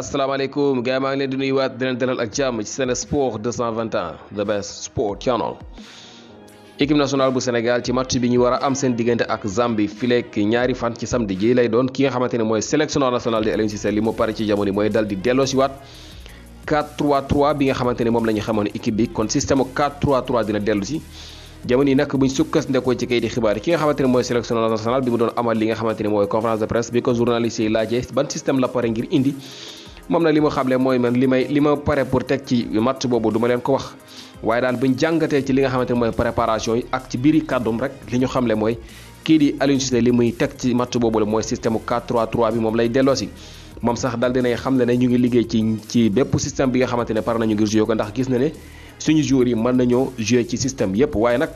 asalaamaaleykum gars maa ngi leen di nuyuwaat di leen ak jàmm ci Sen Sport 221 the best sport channel équipe nationale bu Sénégal ci match bi ñu war a am seen diggante ak Zambie fileek ñaari fan ci samedi ji lay doon ki nga xamante ne mooy sélectionneur national di Aliou Cissé li mu pare ci jamono mooy dal di delloosiwaat 4-3-3 bi nga xamante ne moom la ñu xamoon équipe bi kon système dina dellu si jamono yi nag buñ sukkandikoo ci kayiti xibaar ki nga xamante moom na li mu xamle mooy man li may li ma pare pour teg ci match boobu duma leen ko wax waaye daal buñ jàngatee ci li nga xamante ne mooy préparation yi ak ci biiri kàddum rek li ñu xamle mooy kii di Aliou Cissé li muy teg ci match boobu la mooy système 4-3-3 bi moom lay delloosi moom sax dal dinay xam ne ne ñu ngi liggéey ci ci bépp système bi nga xamante ne pare nañu ngir joué ko ndax gis na ne suñu joueurs yi mën nañoo joué ci système yépp waaye nag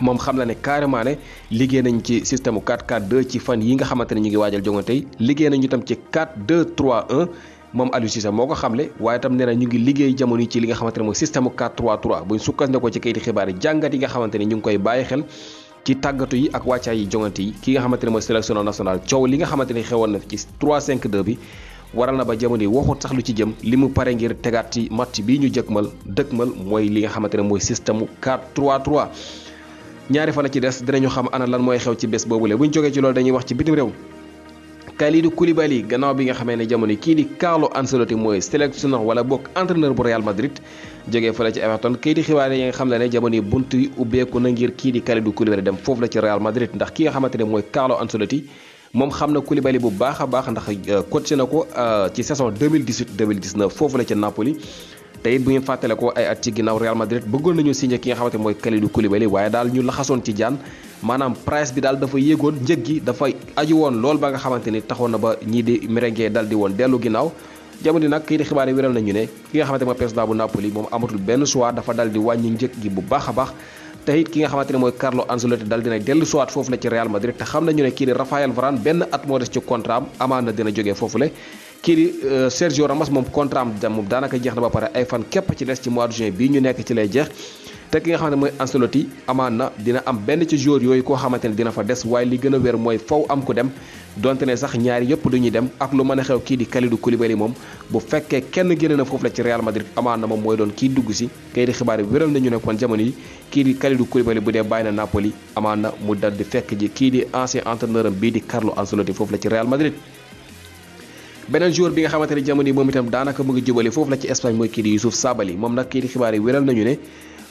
moom xam la ne carrément ne liggéey nañ ci système 4-4-2 ci fan yi nga xamante ne ñu ngi waajal joŋante yi liggéey nañu itam ci 4-2-3-1 moom Aliou moo ko xamle waaye itam nee na ñu ngi liggéey jamono ci li nga xamante ne mooy système 4-3-3 buñ sukkandikoo ci kayiti xibaar yi jàngat ne ñu ngi koy bàyyi xel. ci tàggatu yi ak wàccaay yi joŋante yi ki nga xamante ne mooy sélection nationale coow li nga ne xewoon na ci 3-5-2 bi. waral na ba jamono yi waxut sax lu ci jëm li mu pare ngir tegaat ci match bii ñu jëkkmal dëkkmal mooy li nga xamante ne mooy système 4-3-3 ñaari fan ci des dinañu xam ana lan mooy xew ci bés boobule bu ñu jógee ci loolu dañuy wax ci bitim réew Kalidou Koulibaly gannaaw bi nga xamee ne jamono kii di Carlo Ancelotti mooy sélectionneur wala bokk entraîneur bu Real Madrid jógee fële ci Everton kii di xibaar yi nga xam ne ne jamono bunt yi ubbeeku na ngir kii di Kalidou Koulibaly dem foofu la ci Real Madrid ndax ki nga xamante ne mooy Carlo Ancelotti moom xam na Koulibaly bu baax a baax ndax euh, coaché na ko euh, ci saison 2018 2019 foofu la ci Napoli tey it bu ngeen fàttale ko ay at ci ginnaaw Real Madrid bëggoon nañu signé ki nga xamante mooy Kalidou Koulibaly waaye daal ñu laxasoon ci jaan maanaam price bi daal dafa yéegoon njëg gi dafa aju woon lool ba nga xamante ni taxoon na ba ñii di merengue dal di woon dellu ginnaaw jamono nag kii di xibaar yi wéral nañu ne ki nga xamante mooy président bu Napoli moom amatul benn choix dafa dal di wàññi njëg gi bu baax a baax te it ki nga xamante ne mooy Carlo Ancelotti dal dina dellu siwaat foofu la ci xam nañu ne kii di Raphaël Varane benn at moo des ci contrat am amaan kii di euh, Sergio Ramos moom contrat am moom daanaka jeex na ba pare ay fan képp ci des ci mois de juin bi ñu nekk ci lay jeex te ki nga xam ne mooy Ancelotti amaan na dina am benn ci joueur yooyu koo xamante ne dina fa des waaye li gën a wér mooy faw am ku dem donte ne sax ñaari yëpp du dem ak lu mën a xew kii di Kalidou Koulibaly moom bu fekkee kenn génne na foofu la ci Real Madrid amaan na moom mooy doon kii dugg si kay di xibaar yi wéral nañu ne kon jamono yi kii di Kalidou bu dee bàyyi na Napoli mu dal di fekk kii di ancien entraîneur bii di Carlo Ancelotti foofu la ci Real Madrid beneen joueur bi nga xamante ne jamono yi moom itam daanaka mu ngi jubale foofu la ci Espagne mooy kii di Youssouf Sabaly moom nag kii di xibaar yi wéral nañu ne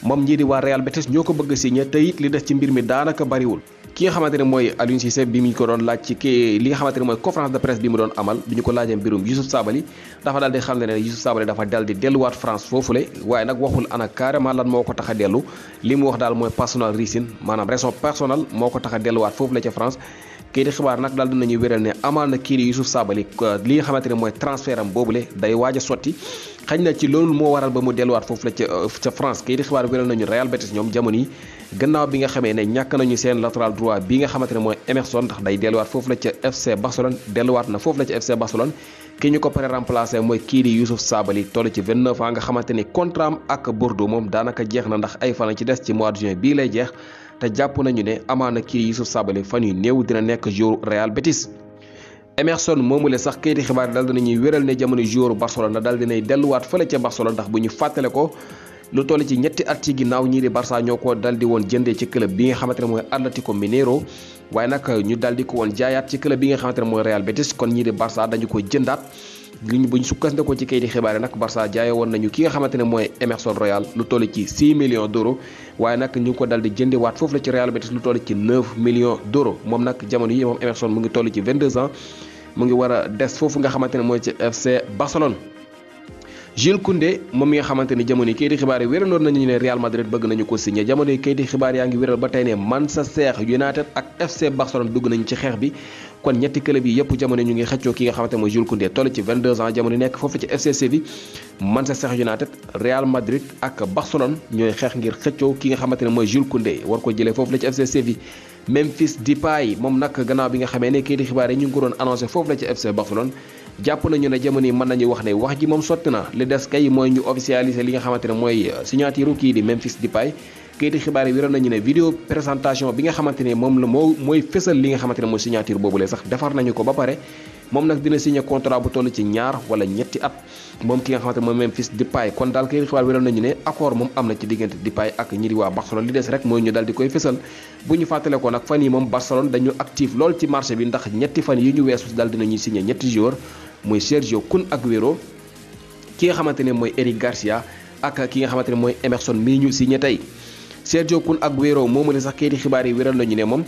moom njii di waa Real Betis ñoo ko bëgg a te it li des ci mbir mi daanaka bariwul ki nga xamante ne mooy Aliou Cissé bi mu doon laaj ci kii li nga xamante ne mooy conférence de presse bi mu doon amal bi ñu ko laajee mbirum Youssouf Sabaly dafa daal di xam ne ne Youssouf Sabaly dafa dal di delluwaat France a maanaam raison personnelle moo ko tax a delluwaat foofule ca kii di xibaar nag daal dinañuy wéral ne amaan na kii di Youssouf Sabaly euh, li nga xamante ne mooy transfert am boobule day waaj a sotti xañ na ci loolu moo waral ba mu delluwaat foofu la ca euh, ca France kii di xibaar wéral nañu Real Betis ñoom jamono yi gannaaw bi nga xamee ne ñàkk nañu seen latéral droit bi nga xamante ne mooy Emerson ndax day delluwaat foofu la ca FC Barcelone delluwaat na foofu la ca FC Barcelone ki ñu ko pare remplacé mooy kii di Youssouf Sabaly toll xamante ni contrat am ak Bordeaux moom daanaka ndax ay fan ci des ci mois de juin te jàpp nañu ne amaana kii Youssouf Sabaly fan yu néew dina nekk joueur Real Betis. Emerson moomule sax kayiti xibaar dal dinañuy wéral ne jamono joueur Barcelona dal dinay delluwaat fële ca Barcelona ndax bu ñu fàttale ko lu toll ci ñetti at ci ginnaaw ñii di Barça ñoo ko dal di woon jëndee ci club bi nga xamante ne mooy Atlético Mineiro waaye nag ñu daldi ko woon jaayaat ci club bi nga xamante ne mooy Real Betis kon ñii di Barça dañu ko jëndaat. li ñu bu ñu sukkandikoo ci kayiti xibaar yi nag Barça jaaye woon nañu ki nga xamante ne mooy Emerson Royal lu toll ci 6 millions d'euros waaye nag ñu ko dal di jëndiwaat foofu la ci Real Betis lu toll ci 9 millions d'euros moom nag jamono yi moom Emerson mu ngi toll ci 22 ans mu ngi war des foofu nga xamante ne mooy ci FC Barcelone. Jules Koundé moom mi nga xamante ni jamono yi kayiti xibaar yi wéraloon nañu ne Real Madrid bëgg nañu ko signé jamono yi kayiti xibaar yaa ngi wéral ba tey ne Manchester United ak FC Barcelone dugg nañu ci xeex bi kon ñetti club yi yëpp jamono ñu ngi xëccoo ki nga xamante mooy Jules Koundé toll ci 22 ans jamono nekk foofu ci FC Séville Manchester United Real Madrid ak Barcelone ñooy xeex ngir xëccoo ki nga xamante ne mooy Jules Koundé war ko jëlee foofu la ci FC Memphis Depay moom nag gannaaw bi nga xamee ne kii di xibaar yi ñu ngi ko doon annoncé foofu la ci FC Barcelone jàpp nañu ne jamono yi mën nañu wax ne wax ji moom sotti na li des kay mooy ñu officialisé li nga xamante ne mooy euh, signature kii di Memphis Depay kayiti xibaar yi wéral nañu ne vidéo présentation bi nga xamante ne moom la moo mooy fésal li nga xamante ne mooy signature boobu lee sax defar nañu ko ba pare moom nag dina signé contrat bu toll ci ñaar wala ñetti at moom ki nga xamante ne mooy Memphis Depay kon daal kay xibaar ne moom am na ci diggante Depay ak ñi di waa Barcelone li des rek mooy ñu dal di koy fësal bu ñu fàttale ko nag fan yi moom Barcelone dañu actif lool ci marché bi ndax ñetti fan yi ñu weesu dal dinañuy signé ñetti joueur mooy Sergio Kun Agüero ki nga xamante ne mooy Eric Garcia ak ki nga xamante ne mooy Emerson mii ñu signé tey Sergio Kun Agüero moomu ne sax kayiti xibaar yi wéral nañu ne moom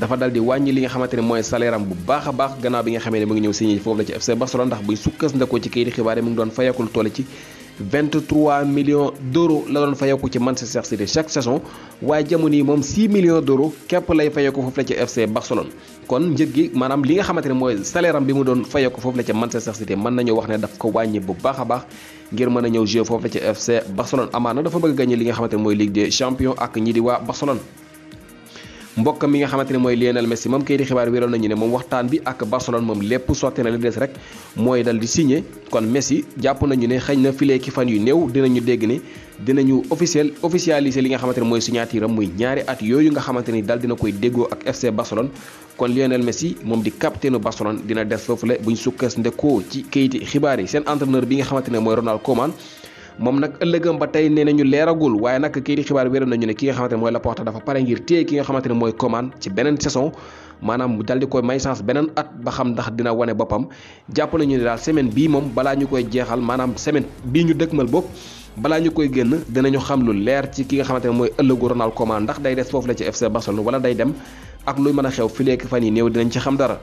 dafa dal di wàññi li nga xamante ne mooy salaire am bu baax a baax gannaaw bi nga xamee ne mu ngi ñëw signé foofu la ci FC Barcelone ndax buñ sukkandikoo ci kayiti xibaar yi mu ngi doon fayakul toll ci 23 millions d'euros la doon fayeeku ci Manchester City chaque saison waaye jamono yi moom 6 millions d'euros képp lay fayeeku foofu la ci FC Barcelone. kon njëg gi maanaam li nga xamante ne mooy salaire am bi mu doon fayeeku foofu la ci Manchester City mën nañu wax ne daf ko wàññi bu a ñëw jouer amaana dafa bëgg a gagné li nga xamante mooy Ligue des Champions ak ñi di waa Barcelone. mbokk mi nga xamante ne mooy Lionel Messi moom kay di xibaar wéral nañu ne moom waxtaan bi ak Barcelone moom lépp sotti na li des rek mooy dal di signé kon Messi jàpp nañu ne xëy na filee ki fan yu néew dinañu dégg ne dinañu officiel officialiser li nga xamante ne mooy signature am muy ñaari at yooyu nga xamante ni dal dina koy déggoo ak FC Barcelone kon Lionel Messi moom di capitaine Barcelone dina des foofule buñ sukkas ndekoo ci kayiti xibaar yi seen entraîneur bi nga xamante ne mooy Ronald Koeman moom nag ëllëgam ba tey ne nañu leeragul waaye nag kii di xibaar wéral nañu ne ki nga xamante ne mooy Laporta dafa pare ngir téye ki nga xamante ne mooy Coman ci beneen saison maanaam dal di may chance beneen at ba xam ndax dina wane boppam jàpp nañu ne daal semaine bii moom balaa ñu koy jeexal maanaam semaine bii ñu dëkkmal bopp balaa ñu koy génn dinañu xam lu leer ci ki nga xamante ne mooy ëllëgu Ronald Koeman ndax day des foofu la ci FC Barcelone wala day dem ak lu mën a xew fileek fan yi néew dinañ ci xam dara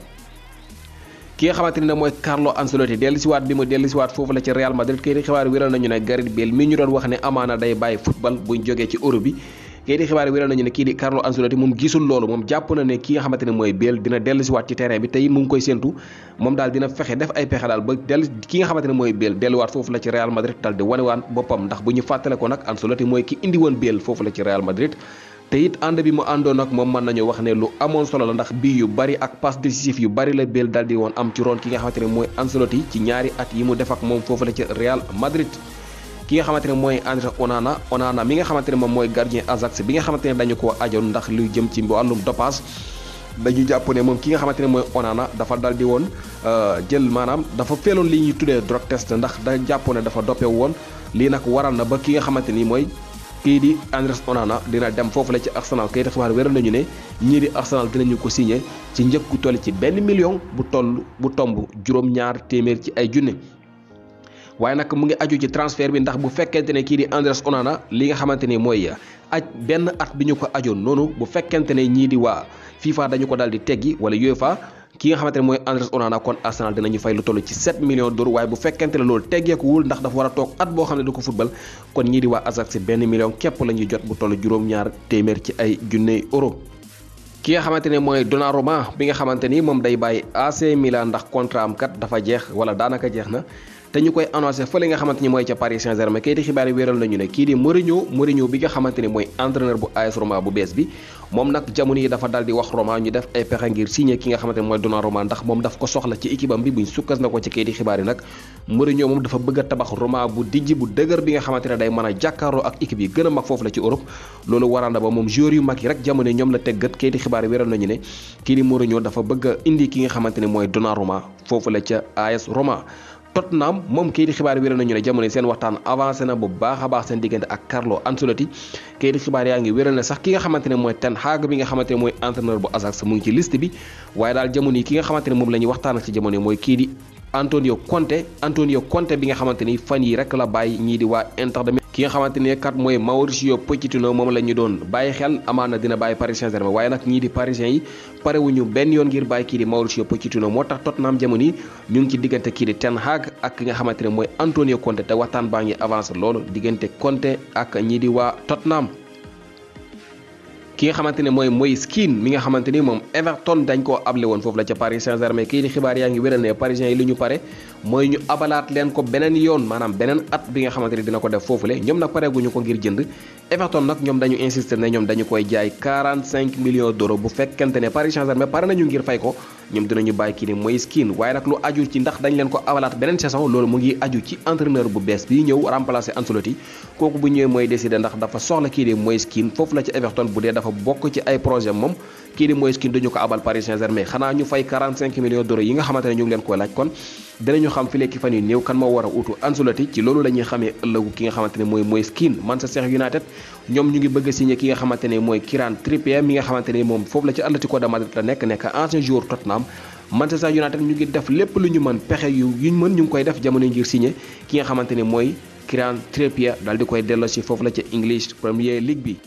ki nga xamante ne mooy Carlo Ancelotti dellu siwaat bi mu dellu siwaat foofu la ci Real Madrid kayiti xibaar wéral nañu ne Gareth Bale mi ñu doon na ne ki nga xamante ne mooy Bale dina koy séntu moom daal ay pexe daal ba ki nga xamante ne mooy Bale delluwaat foofu la ci Real Madrid dal di wanewaan boppam ndax bu ñu fàttale ko nag Ancelotti mooy ki indi woon foofu la ci Real Madrid te it ànd bi mu àndoon ak moom mën nañu wax ne lu amoon solo la ndax bii yu bari ak passe décisif yu bari la dal di woon am ci roon ki nga xamante ne mooy Ancelotti ci ñaari at mu def ak moom foofu la ci Real ki nga xamante ne mooy André Onana Onana mi nga xamante ne moom mooy gardien Ajax bi nga xamante ne dañu ko ajoon ndax lu jëm ci wàllum dopage. dañu jàpp ne moom ki nga xamante ne mooy Onana dafa di woon euh, jël maanaam dafa feeloon li ñuy tuddee drug test ndax da jàpp ne dafa doppe woon lii nag waral na ba ki nga xamante ni mooy. kii di Andrés Onana dina dem foofu la ci Arsenal kayit xibaar wéral nañu ne ñii di Arsenal dinañu ko signé ci njëkku gu toll ci benn million bu toll bu tomb juróom-ñaar téeméer ci ay junne. waaye nag mu ngi aju ci transfert bi ndax bu fekkente ne kii di Andrés Onana li nga xamante ni mooy aj benn at bi ñu ko ajoon noonu bu fekkente ne ñii di waa FIFA dañu ko daal di teggi wala UEFA ki nga xamante ne mooy Andrés Onana kon Arsenal dinañu fay lu toll ci 7 millions d'euros waaye bu fekkente ne loolu teggeeku wul ndax dafa war a toog at boo xam ne du ko football kon ñii di waa Ajax benn million képp la ñuy jot bu toll juróom-ñaar téeméer ci ay junne euro. ki nga xamante ne mooy Donnarumma bi nga xamante ni moom day bàyyi AC Milan ndax contrat am kat dafa jeex wala daanaka jeex na. te ñu koy annoncé fële nga xamante ni mooy ca Paris Saint-Germain kayiti xibaar yi wéeral nañu ne kii di Mourinho Mourinho bi nga xamante ni mooy entraîneur bu AS Roma bu bees bi moom nag jamono yi dafa dal di wax Roma ñu def ay pexe ngir signé ki nga xamante ni mooy Donnarumma ndax moom daf ko soxla ci équipe am bi buñ sukkas na ko ci kayiti xibaar yi nag Mourinho bu dijj bu dëgër bi nga xamante ne day mën a jàkkaarloo ak équipe yi gën a mag foofu la ci Europe loolu moom joueur yu mag yi rek jamono ñoom la teggat kayiti xibaar yi wéeral nañu ne kii di Mourinho dafa bëgg a indi ki nga xamante ni mooy Donnarumma foofu la ca AS Roma Tottenham moom kayit xibaar wéral nañu ne jamono seen waxtaan avancé na bu baax baax seen diggante ak Carlo Ancelotti kayit xibaar yaa ngi wéral ne sax ki nga xamante mooy Ten Hag bi nga xamante mooy entraîneur bu Ajax mu ngi ci liste bi waaye daal jamono yi ki nga xamante moom la ñuy waxtaan ci jamono mooy kii di Antonio Conte Antonio Conte bi nga xamante fan yi rek la bàyyi ñii di waa Inter ki nga xamante ne kat mooy Mauricio Pochettino moom la ñu doon bàyyi xel amaana dina bàyyi Paris Saint-Germain waaye nag ñii di parisiens yi pare wuñu benn yoon ngir bàyyi kii di Mauricio Pochettino moo tax Tottenham jamono yi ñu ngi ci diggante kii di Ten Hag ak ki nga xamante ne mooy Antonio Conte te waxtaan baa ngi avancé loolu diggante Conte ak ñii di waa naam ki nga xamante ne mooy Moïse Kean mi nga xamante ni moom Everton dañ koo able woon foofu la ca Paris Saint-Germain kii di xibaar yaa ngi wéral ne Parisien yi li ñu pare mooy ñu abalaat leen ko beneen yoon maanaam beneen at bi nga xamante ni dina ko def foofule ñoom nag pareeguñu ko ngir jënd Everton nag ñoom dañu insister ne ñoom dañu koy jaay cinq millions d'euros bu fekkent ne Paris Saint-Germain pare nañu ngir fay ko ñoom dinañu bàyyi kii ni Moise Kean waaye nag lu aju ci ndax dañ leen ko awalaat beneen saison loolu mu ngi aju ci entraîneur bu bees bi ñëw remplacer Ancelotti kooku bu ñëwee mooy décider ndax dafa soxla kii ni Moise Kean foofu la ci Everton bu dee dafa bokk ci ay projet moom kii di Moise Kean duñu ko abal Paris Saint-Germain xanaa ñu fay 45 millions yi nga xamante ñu leen koy laaj kon dinañu xam fi fan yu néew kan moo war a utu Ancelotti ci loolu la ñuy xamee ëllëgu ki nga xamante ne mooy Moise Kean a signé ne mooy Kieran Trippier mi nga xamante ne moom foofu la ci Atlético de Madrid la nekk nekk ancien joueur Tottenham Manchester United ñu ngi def lépp lu ñu mën pexe yu mën ñu ngi koy def jamono ngir signé ki nga xamante ne mooy Kieran Trippier daal di koy delloo si foofu la ca English Premier League bi